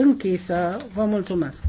închisă. Vă mulțumesc!